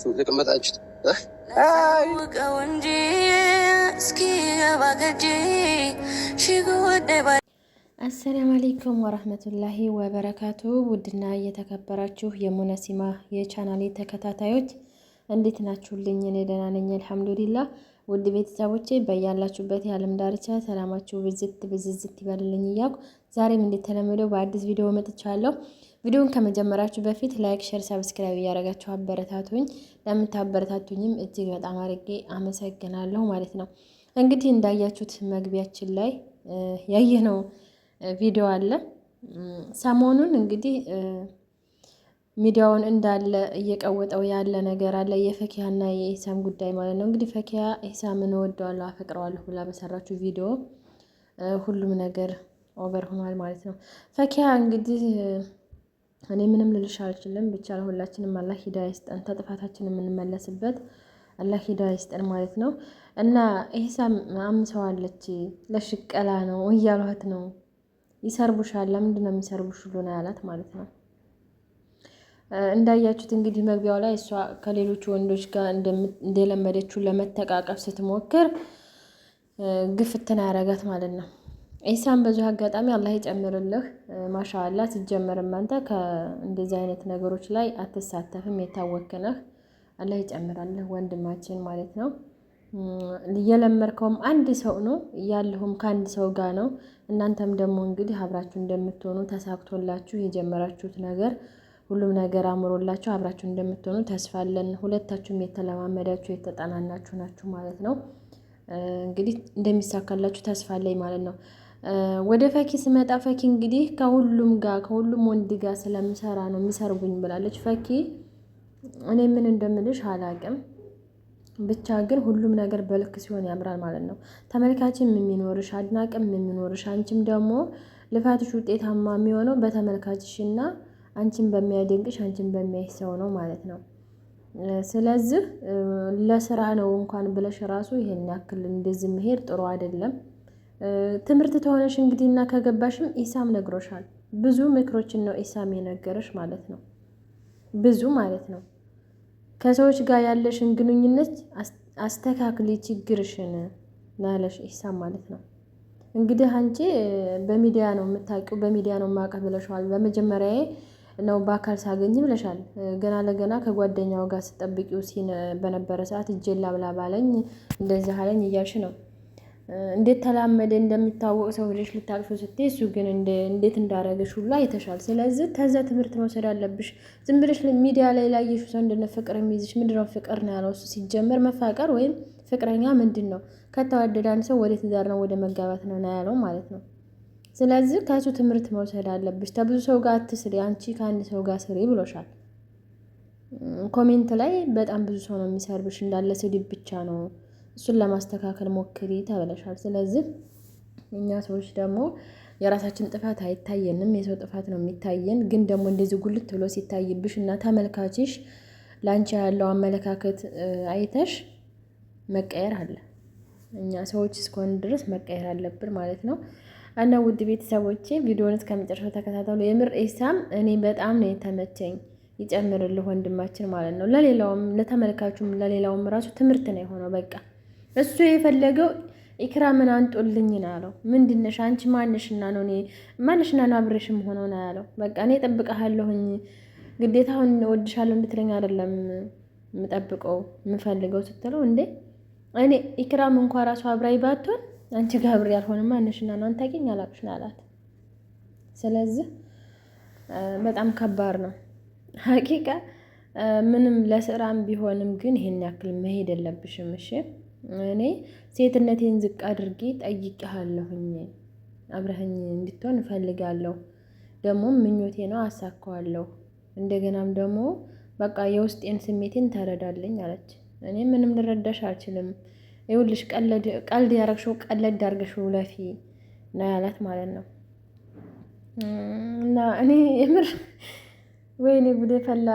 ብላችሁ የተቀመጣችሁት አሰላም አሌይኩም ወረህመቱላሂ ወበረካቱ። ውድና እየተከበራችሁ የሙነሲማ የቻናሌ ተከታታዮች እንዴት ናችሁልኝ? እኔ ደህና ነኝ አልሐምዱሊላህ። ውድ ቤተሰቦቼ በያላችሁበት የዓለም ዳርቻ ሰላማችሁ ብዝት ብዝዝት ይበልልኝ እያልኩ ዛሬም እንደተለመደው በአዲስ ቪዲዮ መጥቻለሁ። ቪዲዮውን ከመጀመራችሁ በፊት ላይክ፣ ሼር፣ ሰብስክራይብ እያደረጋችሁ አበረታቱኝ። ለምታበረታቱኝም እጅግ በጣም አድርጌ አመሰግናለሁ ማለት ነው። እንግዲህ እንዳያችሁት መግቢያችን ላይ ያየነው ቪዲዮ አለ። ሰሞኑን እንግዲህ ሚዲያውን እንዳለ እየቀወጠው ያለ ነገር አለ፣ የፈኪያና የኢሳም ጉዳይ ማለት ነው። እንግዲህ ፈኪያ ኢሳምን እወደዋለሁ አፈቅረዋለሁ ብላ በሰራችሁ ቪዲዮ ሁሉም ነገር ኦቨር ሆኗል ማለት ነው። ፈኪያ እንግዲህ እኔ ምንም ልልሽ አልችልም። ብቻ ለሁላችንም አላህ ሂዳ ይስጠን፣ ተጥፋታችን የምንመለስበት አላህ ሂዳ ይስጠን ማለት ነው። እና ኢሳም አምሰዋለች፣ ለሽቀላ ነው እያሏት ነው። ይሰርቡሻል፣ ለምንድን ነው የሚሰርቡሽ ሁሉ ነው ያላት ማለት ነው። እንዳያችሁት እንግዲህ መግቢያው ላይ እሷ ከሌሎቹ ወንዶች ጋር እንደለመደችው ለመተቃቀፍ ስትሞክር ግፍትን ያረጋት ማለት ነው። ኢሳን በዙ አጋጣሚ አላህ ይጨምርልህ። ማሻአላ ሲጀመርም አንተ ከእንደዚህ አይነት ነገሮች ላይ አትሳተፍም፣ የታወክነህ አላህ ይጨምራልህ ወንድማችን ማለት ነው። እየለመርከውም አንድ ሰው ነው ያለሁም ከአንድ ሰው ጋር ነው። እናንተም ደግሞ እንግዲህ አብራችሁ እንደምትሆኑ ተሳክቶላችሁ የጀመራችሁት ነገር ሁሉም ነገር አምሮላችሁ አብራችሁ እንደምትሆኑ ተስፋ አለን። ሁለታችሁም የተለማመዳችሁ የተጠናናችሁ ናችሁ ማለት ነው። እንግዲህ እንደሚሳካላችሁ ተስፋ አለኝ ማለት ነው። ወደ ፈኪ ስመጣ ፈኪ እንግዲህ ከሁሉም ጋር ከሁሉም ወንድ ጋር ስለምሰራ ነው የሚሰርቡኝ ብላለች ፈኪ። እኔ ምን እንደምልሽ አላቅም። ብቻ ግን ሁሉም ነገር በልክ ሲሆን ያምራል ማለት ነው። ተመልካችም የሚኖርሽ አድናቅም የሚኖርሽ አንቺም ደግሞ ልፋትሽ ውጤታማ የሚሆነው በተመልካችሽና አንቺን በሚያደንቅሽ አንቺን በሚያይ ሰው ነው ማለት ነው። ስለዚህ ለስራ ነው እንኳን ብለሽ ራሱ ይሄን ያክል እንደዚህ መሄድ ጥሩ አይደለም። ትምህርት ተሆነሽ እንግዲህ እና ከገባሽም ኢሳም ነግሮሻል። ብዙ ምክሮችን ነው ኢሳም የነገረሽ ማለት ነው። ብዙ ማለት ነው። ከሰዎች ጋር ያለሽን ግንኙነት አስተካክሊ ችግርሽን ናለሽ ኢሳም ማለት ነው። እንግዲህ አንቺ በሚዲያ ነው የምታውቂው፣ በሚዲያ ነው የማውቅህ ብለሻል። በመጀመሪያ ነው በአካል ሳገኝ ብለሻል። ገና ለገና ከጓደኛው ጋር ስጠብቂው በነበረ ሰዓት እጄን ላብላ ባለኝ እንደዚህ አለኝ እያልሽ ነው እንዴት ተላመደ እንደሚታወቅ ሰው ሄደሽ ልታቅፎ ስትይ እሱ ግን እንዴት እንዳረገሽ ሁሉ አይተሻል። ስለዚህ ከዛ ትምህርት መውሰድ አለብሽ። ዝም ብለሽ ሚዲያ ላይ ላየሽ ሰው እንደነ ፍቅር የሚይዝሽ ምንድነው? ፍቅር ነው ያለው እሱ። ሲጀመር መፋቀር ወይም ፍቅረኛ ምንድን ነው? ከተዋደደ አንድ ሰው ወደ ትዳር ነው ወደ መጋባት ነው ና ያለው ማለት ነው። ስለዚህ ከሱ ትምህርት መውሰድ አለብሽ። ተብዙ ሰው ጋር አትስሪ፣ አንቺ ከአንድ ሰው ጋር ስሪ ብሎሻል። ኮሜንት ላይ በጣም ብዙ ሰው ነው የሚሰርብሽ፣ እንዳለ ስድብ ብቻ ነው እሱን ለማስተካከል ሞክሪ ተብለሻል። ስለዚህ እኛ ሰዎች ደግሞ የራሳችን ጥፋት አይታየንም፣ የሰው ጥፋት ነው የሚታየን። ግን ደግሞ እንደዚህ ጉልት ብሎ ሲታይብሽ እና ተመልካችሽ ለአንቺ ያለው አመለካከት አይተሽ መቀየር አለ። እኛ ሰዎች እስከሆን ድረስ መቀየር አለብን ማለት ነው። እና ውድ ቤተሰቦቼ ቪዲዮውን እስከመጨረሻው ተከታተሉ። የምር ኢሳም እኔ በጣም ነው የተመቸኝ። ይጨምርልህ ወንድማችን ማለት ነው። ለሌላውም ለተመልካቹም ለሌላውም ራሱ ትምህርት ነው የሆነው በቃ እሱ የፈለገው ኢክራምን አንጦልኝ ነው ያለው። ምንድነሽ አንቺ ማንሽና ነው እኔ ማንሽና ነው አብሬሽም ሆኖ ነው ያለው። በቃ እኔ እጠብቅሃለሁኝ ግዴታ አሁን እወድሻለሁ እንድትለኝ አይደለም የምጠብቀው የምፈልገው ስትለው፣ እንዴ እኔ ኢክራም እንኳ ራሱ አብራይ ባትሆን አንቺ ጋር አብሬ አልሆንም ማንሽና ነው አንታገኝ አላቅሽን አላት። ስለዚህ በጣም ከባድ ነው ሀቂቃ ምንም ለስራም ቢሆንም ግን ይሄን ያክል መሄድ የለብሽም እሺ። እኔ ሴትነቴን ዝቅ አድርጌ ጠይቄሃለሁኝ። አብረህኝ እንድትሆን እፈልጋለሁ። ደግሞ ምኞቴ ነው፣ አሳካዋለሁ። እንደገናም ደግሞ በቃ የውስጤን ስሜቴን ተረዳለኝ አለች። እኔ ምንም ልረዳሽ አልችልም። ይኸውልሽ ቀልድ ያረግሽው ቀለድ ዳርገሽው ለፊ ና ያላት ማለት ነው እና እኔ የምር ወይኔ ጉዴ ፈላ።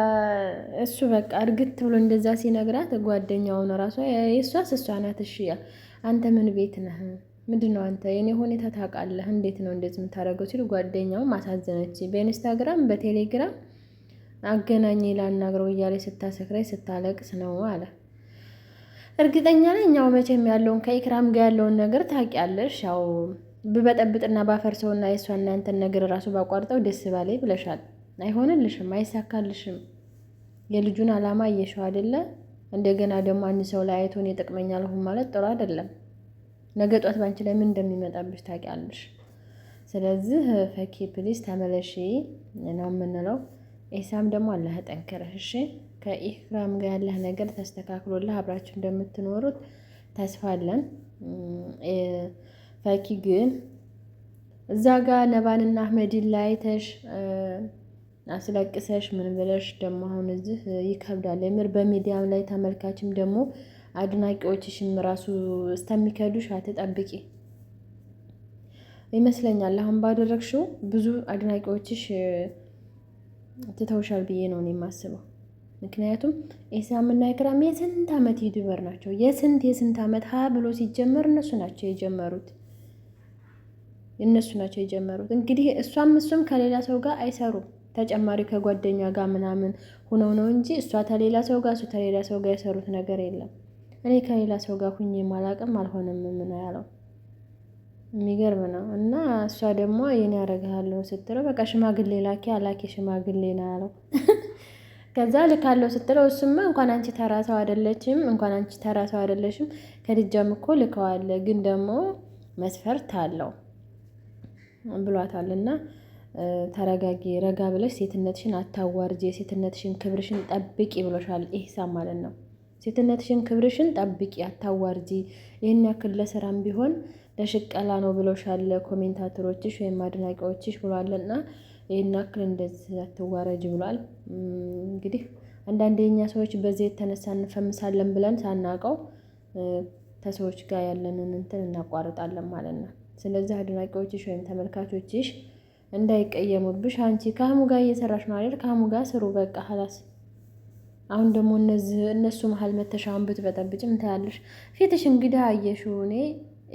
እሱ በቃ እርግት ብሎ እንደዛ ሲነግራት ጓደኛውን ራሷ የእሷስ እሷ ናት። እሺ አንተ ምን ቤት ነህ? ምንድን ነው አንተ የኔ ሁኔታ ታውቃለህ? እንዴት ነው እንደዚህ የምታደርገው ሲሉ ጓደኛው ማሳዘነች። በኢንስታግራም በቴሌግራም አገናኝ ላናግረው እያለ ስታሰክራይ ስታለቅስ ነው አለ። እርግጠኛ ነኝ እኛው መቼም ያለውን ከኢክራም ጋር ያለውን ነገር ታውቂያለሽ። ያው ብበጠብጥና ባፈርሰውና የእሷ እናንተን ነገር ራሱ ባቋርጠው ደስ ባላይ ብለሻል። አይሆንልሽም፣ አይሳካልሽም። የልጁን አላማ እየሸው አይደለ? እንደገና ደግሞ አንድ ሰው ላይ አይቶን የጠቅመኛል ሁን ማለት ጥሩ አይደለም። ነገ ጧት ባንቺ ላይ ምን እንደሚመጣብሽ ታውቂያለሽ። ስለዚህ ፈኪ ፕሊስ ተመለሺ ነው የምንለው። ኢሳም ደግሞ አላህ ጠንክረህ እሺ። ከኢክራም ጋር ያለህ ነገር ተስተካክሎልህ አብራችሁ እንደምትኖሩት ተስፋ አለን። ፈኪ ግን እዛ ጋር ነባንና አህመድን ላይ አስለቅሰሽ ምን ብለሽ ደግሞ አሁን እዚህ ይከብዳል። የምር በሚዲያም ላይ ተመልካችም ደግሞ አድናቂዎችሽም ራሱ እስከሚከዱሽ አትጠብቂ ይመስለኛል። አሁን ባደረግሽው ብዙ አድናቂዎችሽ ትተውሻል ብዬ ነው የማስበው። ምክንያቱም ኢሳምና ኢክራም የስንት ዓመት ዩቲዩበር ናቸው? የስንት የስንት ዓመት ሀ ብሎ ሲጀመር እነሱ ናቸው የጀመሩት እነሱ ናቸው የጀመሩት። እንግዲህ እሷም እሱም ከሌላ ሰው ጋር አይሰሩም። ተጨማሪ ከጓደኛ ጋር ምናምን ሁነው ነው እንጂ እሷ ተሌላ ሰው ጋር እሱ ተሌላ ሰው ጋር የሰሩት ነገር የለም። እኔ ከሌላ ሰው ጋር ሁኜ ማላቅም አልሆነም ምን ያለው የሚገርም ነው። እና እሷ ደግሞ የኔ ያደርግሃለሁ ስትለው በቃ ሽማግሌ ላኪ አላኪ ሽማግሌ ነው ያለው። ከዛ ልካለው ስትለው እሱማ እንኳን አንቺ ተራ ሰው አይደለችም፣ እንኳን አንቺ ተራ ሰው አይደለሽም። ከድጃም እኮ ልከዋለ ግን ደግሞ መስፈርት አለው ብሏታል እና ተረጋጊ፣ ረጋ ብለሽ ሴትነትሽን አታዋርጂ፣ የሴትነትሽን ክብርሽን ጠብቂ ብሎሻል ኢህሳን ማለት ነው። ሴትነትሽን ክብርሽን ጠብቂ፣ አታዋርጂ። ይህን ያክል ለስራም ቢሆን ለሽቀላ ነው ብሎሻል ኮሜንታተሮችሽ ወይም አድናቂዎችሽ ብሏልና ይህን ያክል እንደዚህ አትዋረጅ ብሏል። እንግዲህ አንዳንድ የኛ ሰዎች በዚህ የተነሳ እንፈምሳለን ብለን ሳናውቀው ከሰዎች ጋር ያለንን እንትን እናቋርጣለን ማለት ነው። ስለዚህ አድናቂዎችሽ ወይም ተመልካቾችሽ እንዳይቀየሙብሽ አንቺ ከአህሙ ጋር እየሰራሽ ነው አይደል? ከአህሙ ጋር ስሩ በቃ ሀላስ። አሁን ደግሞ እነዚህ እነሱ መሀል መተሻውን ብትበጠብጭ ምን ታያለሽ? ፊትሽ እንግዲህ አየሽው። እኔ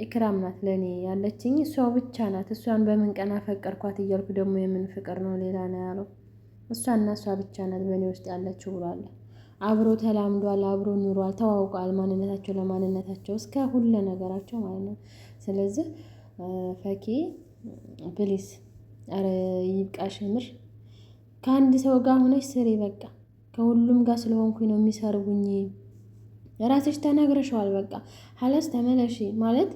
ኢክራም ናት ለእኔ ያለችኝ እሷ ብቻ ናት። እሷን በምን ቀን አፈቀርኳት እያልኩ ደግሞ የምን ፍቅር ነው ሌላ ነው ያለው። እሷና እሷ ብቻ ናት በእኔ ውስጥ ያለችው ብሏል። አብሮ ተላምዷል፣ አብሮ ኑሯል፣ ተዋውቋል። ማንነታቸው ለማንነታቸው እስከ ሁለ ነገራቸው ማለት ነው። ስለዚህ ፈኪ ፕሊስ ኧረ ይብቃሽ ከአንድ ሰው ጋር ሆነሽ ስሪ በቃ። ከሁሉም ጋር ስለሆንኩኝ ነው የሚሰርቡኝ። ራስሽ ተነግረሸዋል በቃ ሀላስ ተመለሺ ማለት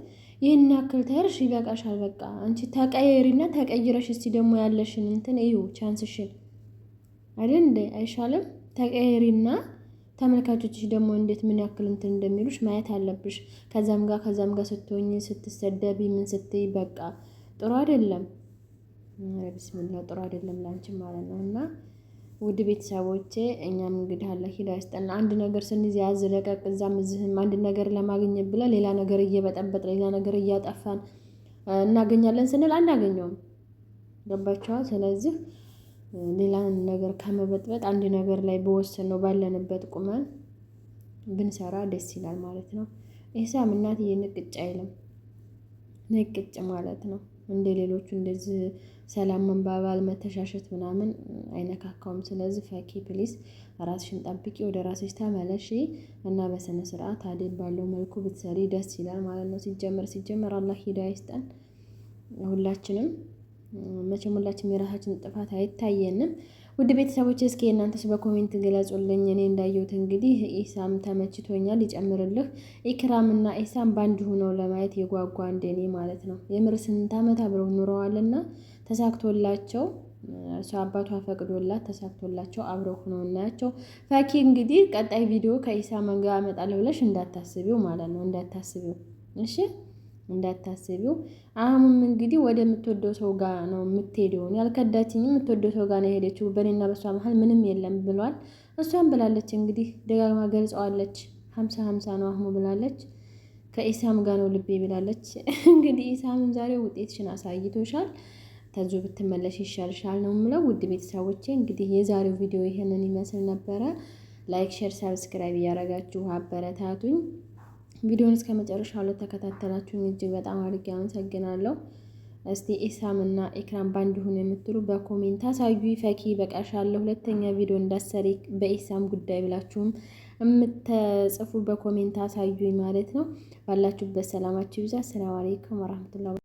ይህን ያክል ተርሽ ይበቃሻል በቃ። አንቺ ተቀየሪና ተቀይረሽ እስቲ ደግሞ ያለሽን እንትን እዩ ቻንስሽን አይደል እንደ አይሻልም? ተቀየሪና ተመልካቾችሽ ደግሞ እንዴት ምን ያክል እንትን እንደሚሉሽ ማየት አለብሽ። ከዛም ጋር ከዛም ጋር ስትሆኝ ስትሰደቢ ምን ስትይ በቃ ጥሩ አይደለም። ረብስምላ ጥሩ አይደለም ላንቺ ማለት ነው። እና ውድ ቤተሰቦቼ እኛም እንግዲህ አለ ሂዳ ያስጠና። አንድ ነገር ስንዝ ያዝ ለቀቅ፣ እዛም እዚህም አንድ ነገር ለማግኘት ብለ ሌላ ነገር እየበጠበጥ ሌላ ነገር እያጠፋን እናገኛለን ስንል አናገኘውም። ገባቸዋል። ስለዚህ ሌላ ነገር ከመበጥበጥ አንድ ነገር ላይ በወሰን ነው ባለንበት ቁመን ብንሰራ ደስ ይላል ማለት ነው። ኢሳም እናትዬ ንቅጭ አይልም ንቅጭ ማለት ነው። እንደ ሌሎቹ እንደዚህ ሰላም መንባባል መተሻሸት ምናምን አይነካካውም። ስለዚህ ፈኪ ፕሊስ ራስሽን ጠብቂ፣ ወደ ራስሽ ተመለሺ እና በስነ ስርዓት አደብ ባለው መልኩ ብትሰሪ ደስ ይላል ማለት ነው። ሲጀመር ሲጀመር አላህ ሂዳያ ይስጠን ሁላችንም። መቼም ሁላችንም የራሳችን ጥፋት አይታየንም። ውድ ቤተሰቦች እስኪ እናንተስ በኮሜንት ግለጹልኝ። እኔ እንዳየሁት እንግዲህ ኢሳም ተመችቶኛል፣ ይጨምርልህ። ኢክራምና ኢሳም ባንድ ሆነው ለማየት የጓጓ እንደኔ ማለት ነው። የምር ስንት ዓመት አብረው ኑረዋልና ተሳክቶላቸው እሱ አባቷ ፈቅዶላት ተሳክቶላቸው አብረው ሆነው እናያቸው። ፈኪ እንግዲህ ቀጣይ ቪዲዮ ከኢሳ ጋር አመጣለሁ ብለሽ እንዳታስቢው ማለት ነው፣ እንዳታስቢው እሺ። እንዳታስቢው። አሁንም እንግዲህ ወደ ምትወደው ሰው ጋር ነው የምትሄደው። ያልከዳችኝ የምትወደው ሰው ጋር ነው የሄደችው፣ በእኔና በሷ መሀል ምንም የለም ብሏል። እሷም ብላለች እንግዲህ ደጋግማ ገልጸዋለች። ሀምሳ ሀምሳ ነው አህሙ ብላለች። ከኢሳም ጋር ነው ልቤ ብላለች። እንግዲህ ኢሳምን ዛሬ ውጤትሽን አሳይቶሻል። ተዙ ብትመለሽ ይሻልሻል ነው የምለው። ውድ ቤተሰቦቼ እንግዲህ የዛሬው ቪዲዮ ይህንን ይመስል ነበረ። ላይክ፣ ሼር፣ ሰብስክራይብ እያደረጋችሁ አበረታቱኝ። ቪዲዮን እስከ መጨረሻው ለተከታተላችሁን እጅግ በጣም አድርጌ አመሰግናለሁ። እስቲ ኢሳም እና ኢክራም ባንድ ይሁን የምትሉ በኮሜንት አሳዩ። ፈኪ በቃሻለሁ ሁለተኛ ቪዲዮ እንዳሰሪ በኢሳም ጉዳይ ብላችሁም የምትጽፉ በኮሜንት አሳዩ ማለት ነው። ባላችሁበት ሰላማችሁ ይብዛ። አሰላሙ አለይኩም ወራህመቱላሂ